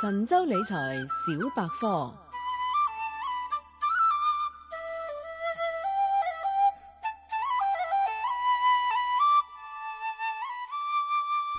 神州理財小百科。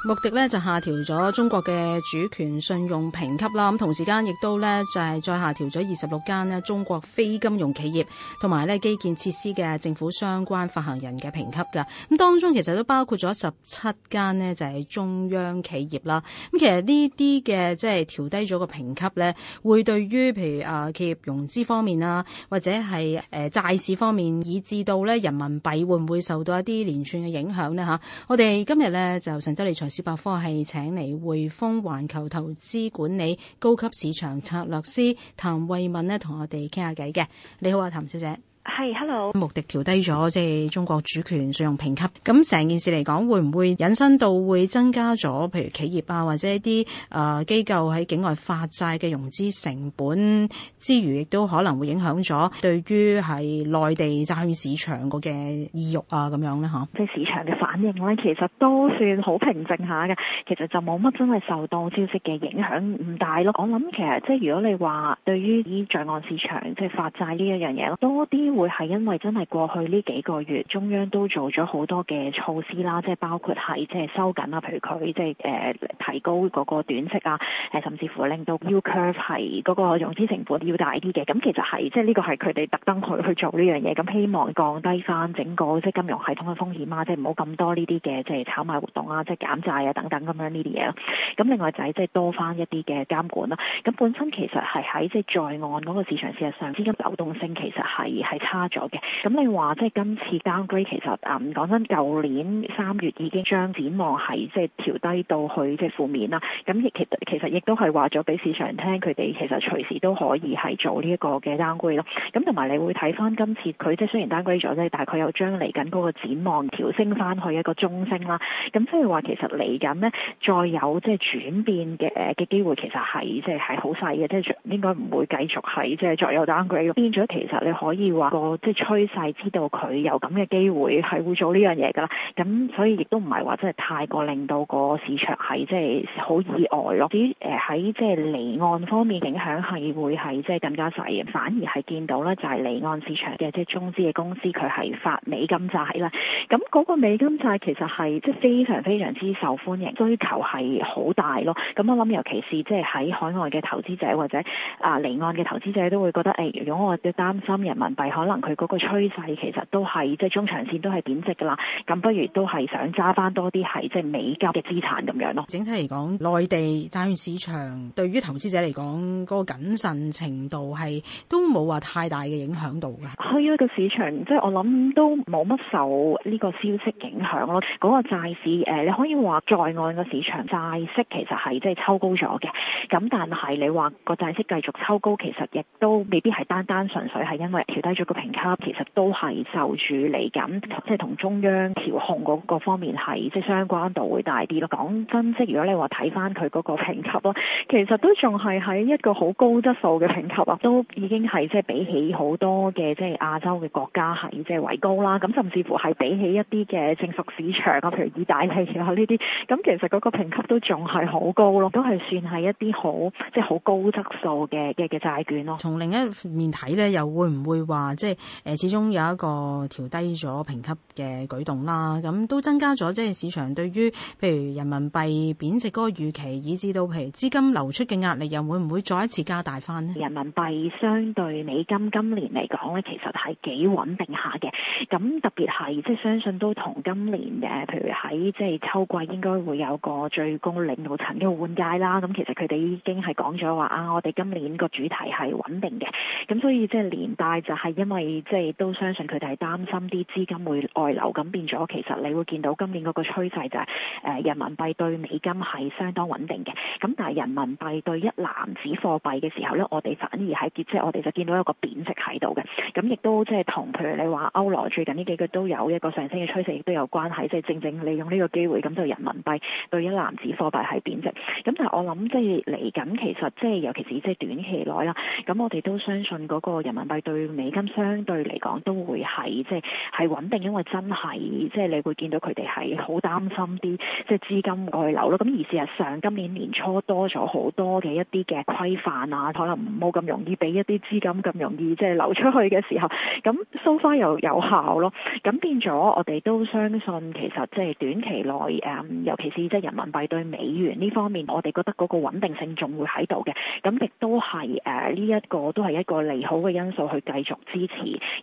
穆迪咧就下調咗中國嘅主權信用評級啦，咁同時間亦都咧就係再下調咗二十六間呢中國非金融企業同埋咧基建設施嘅政府相關發行人嘅評級噶，咁當中其實都包括咗十七間呢就係中央企業啦。咁其實呢啲嘅即係調低咗個評級咧，會對於譬如啊企業融資方面啊或者係誒債市方面，以至到咧人民幣會唔會受到一啲連串嘅影響呢吓，我哋今日咧就神州理財。小百科係請嚟匯豐環球投資管理高級市場策略師譚慧敏咧，同我哋傾下偈嘅。你好啊，譚小姐。係，hello。穆迪調低咗即係中國主權信用評級，咁成件事嚟講，會唔會引申到會增加咗，譬如企業啊或者一啲誒機構喺境外發債嘅融資成本之餘，亦都可能會影響咗對於係內地債券市場個嘅意欲啊咁樣咧吓。即係市場嘅反應咧，其實都算好平靜下嘅，其實就冇乜真係受到消息嘅影響唔大咯。我諗其實即係如果你話對於在岸市場即係、就是、發債呢一樣嘢咯，多啲。會係因為真係過去呢幾個月中央都做咗好多嘅措施啦，即係包括係即係收緊啦，譬如佢即係誒、呃、提高嗰個短息啊，誒甚至乎令到 yield curve 係嗰個融資成本要大啲嘅。咁其實係即係呢個係佢哋特登去去做呢樣嘢，咁希望降低翻整個即係金融系統嘅風險啊，即係唔好咁多呢啲嘅即係炒賣活動啊，即係減債啊等等咁樣呢啲嘢啦。咁另外就係、是、即係多翻一啲嘅監管啦、啊。咁本身其實係喺即係在岸嗰個市場事實上資金流動性其實係係。差咗嘅，咁你話即係今次 downgrade 其實啊，講真，舊年三月已經將展望係即係調低到去即係負面啦。咁亦其其實亦都係話咗俾市場聽，佢哋其實隨時都可以係做呢一個嘅 downgrade 咯。咁同埋你會睇翻今次佢即係雖然 downgrade 咗咧，但係佢又將嚟緊嗰個展望調升翻去一個中升啦。咁所以話其實嚟緊呢，再有即係轉變嘅嘅機會，其實係即係係好細嘅，即係應該唔會繼續係即係再有 downgrade。變咗其實你可以話。個即係趨勢，知道佢有咁嘅機會係會做呢樣嘢㗎啦，咁所以亦都唔係話真係太過令到個市場係即係好意外咯。至於喺即係離岸方面影響係會係即係更加細，反而係見到咧就係離岸市場嘅即係中資嘅公司佢係發美金債啦。咁嗰個美金債其實係即係非常非常之受歡迎，追求係好大咯。咁我諗尤其是即係喺海外嘅投資者或者啊離岸嘅投資者都會覺得誒、欸，如果我哋擔心人民幣。可能佢嗰個趨勢其實都係即係中長線都係貶值噶啦，咁不如都係想揸翻多啲係即係美金嘅資產咁樣咯。整體嚟講，內地債券市場對於投資者嚟講嗰個謹慎程度係都冇話太大嘅影響度㗎。去咗個市場，即係我諗都冇乜受呢個消息影響咯。嗰個債市誒，你可以話在岸個市場債息其實係即係抽高咗嘅，咁但係你話個債息繼續抽高，其實亦都未必係單單純粹係因為調低咗。評級其實都係受住嚟緊，即係同中央調控嗰個方面係即係相關度會大啲咯。講真，即如果你話睇翻佢嗰個評級咯，其實都仲係喺一個好高質素嘅評級啊，都已經係即係比起好多嘅即係亞洲嘅國家係即係為高啦。咁甚至乎係比起一啲嘅成熟市場啊，譬如意大利啊呢啲，咁其實嗰個評級都仲係好高咯，都係算係一啲好即係好高質素嘅嘅嘅債券咯。從另一面睇呢，又會唔會話？即係誒，始終有一個調低咗評級嘅舉動啦，咁都增加咗即係市場對於譬如人民幣貶值嗰個預期，以至到譬如資金流出嘅壓力又會唔會再一次加大返咧？人民幣相對美金今年嚟講咧，其實係幾穩定下嘅，咁特別係即係相信都同今年嘅，譬如喺即係秋季應該會有個最高領導層嘅換屆啦，咁其實佢哋已經係講咗話啊，我哋今年個主題係穩定嘅，咁所以即係年帶就係因因為即係都相信佢哋係擔心啲資金會外流，咁變咗其實你會見到今年嗰個趨勢就係誒人民幣對美金係相當穩定嘅，咁但係人民幣對一籃子貨幣嘅時候呢，我哋反而喺即係我哋就見到一個貶值喺度嘅，咁亦都即係同譬如你話歐羅最近呢幾個都有一個上升嘅趨勢，亦都有關係，即係正正利用呢個機會咁就人民幣對一籃子貨幣係貶值，咁但係我諗即係嚟緊其實即係尤其是即係短期內啦，咁我哋都相信嗰個人民幣對美金。相對嚟講都會係即係穩定，因為真係即係你會見到佢哋係好擔心啲即係資金外流咯。咁而事實上今年年初多咗好多嘅一啲嘅規範啊，可能冇咁容易俾一啲資金咁容易即係流出去嘅時候，咁 so far 又有效咯。咁變咗我哋都相信其實即係短期內誒尤其是即係人民幣對美元呢方面，我哋覺得嗰個穩定性仲會喺度嘅。咁亦都係誒呢一個都係一個利好嘅因素去繼續支。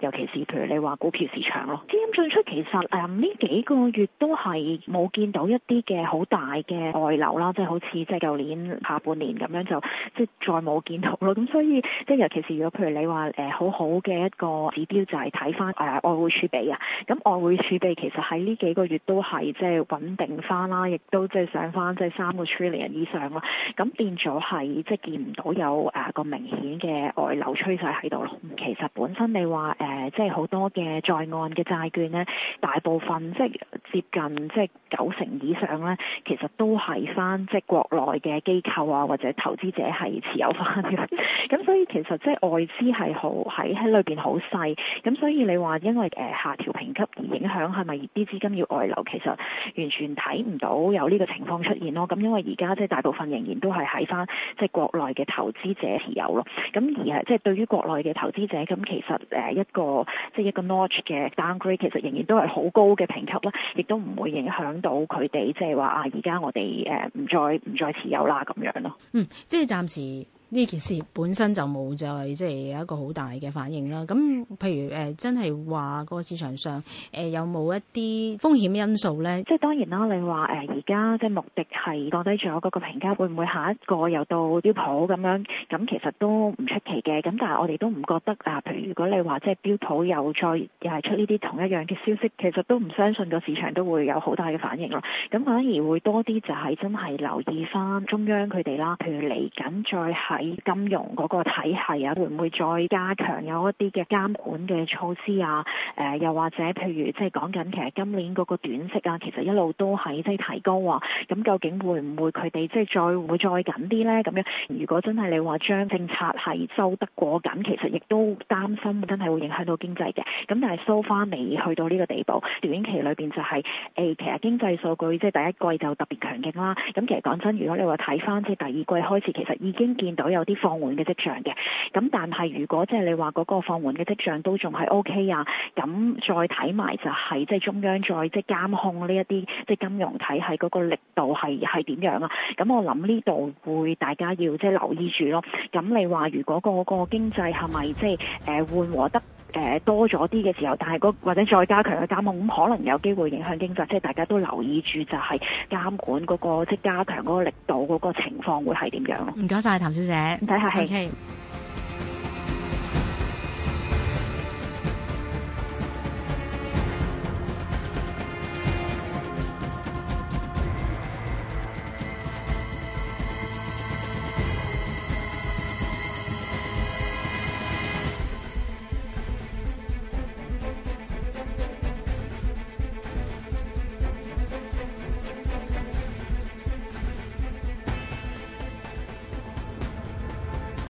尤其是譬如你話股票市場咯，資金進出其實誒呢、呃、幾個月都係冇見到一啲嘅好大嘅外流啦，即係好似即係舊年下半年咁樣就即係再冇見到咯。咁所以即係尤其是如果譬如你話誒、呃、好好嘅一個指標就係睇翻誒外匯儲備啊，咁外匯儲備其實喺呢幾個月都係即係穩定翻啦，亦都即係上翻即係三個 trillion 以上咯。咁變咗係即係見唔到有誒、呃、個明顯嘅外流趨勢喺度咯。其實本身。你話誒、呃，即係好多嘅在岸嘅債券咧，大部分即係。接近即係九成以上呢，其實都係翻即係國內嘅機構啊，或者投資者係持有翻嘅。咁 所以其實即係外資係好喺喺裏邊好細。咁所以你話因為誒、呃、下調評級而影響係咪啲資金要外流，其實完全睇唔到有呢個情況出現咯。咁因為而家即係大部分仍然都係喺翻即係國內嘅投資者持有咯。咁而係即係對於國內嘅投資者，咁其實誒一個即係、就是、一個 notch 嘅 downgrade，其實仍然都係好高嘅評級啦。亦都唔會影響到佢哋，即係話啊，而家我哋誒唔再唔再持有啦咁樣咯。嗯，即係暫時。呢件事本身就冇就係即係有一個好大嘅反應啦。咁譬如誒、呃、真係話個市場上誒、呃、有冇一啲風險因素咧？即係當然啦。你話誒而家即係穆迪係降低咗嗰個評級，會唔會下一個又到標普咁樣？咁其實都唔出奇嘅。咁但係我哋都唔覺得啊。譬如如果你話即係標普又再又係出呢啲同一樣嘅消息，其實都唔相信個市場都會有好大嘅反應咯，咁反而會多啲就係真係留意翻中央佢哋啦。譬如嚟緊再係。喺金融嗰個體系啊，會唔會再加強有一啲嘅監管嘅措施啊？誒、呃，又或者譬如即係講緊，其實今年嗰個短息啊，其實一路都係即係提高啊。咁究竟會唔會佢哋即係再會再緊啲呢？咁樣如果真係你話將政策係收得過緊，其實亦都擔心真係會影響到經濟嘅。咁但係 so far 未去到呢個地步，短期裏邊就係、是、誒，A, 其實經濟數據即係第一季就特別強勁啦。咁其實講真，如果你話睇翻即係第二季開始，其實已經見到。有啲放緩嘅跡象嘅，咁但係如果即係你話嗰個放緩嘅跡象都仲係 OK 啊，咁再睇埋就係即係中央再即係監控呢一啲即係金融體系嗰個力度係係點樣啊？咁我諗呢度會大家要即係留意住咯。咁你話如果嗰個經濟係咪即係誒緩和得？誒、呃、多咗啲嘅時候，但係嗰、嗰個、或者再加強嘅監控，咁可能有機會影響經濟，即係大家都留意住就係監管嗰、嗰個即係加強嗰個力度嗰個情況會係點樣？唔該晒，譚小姐，睇下係。Okay. okay.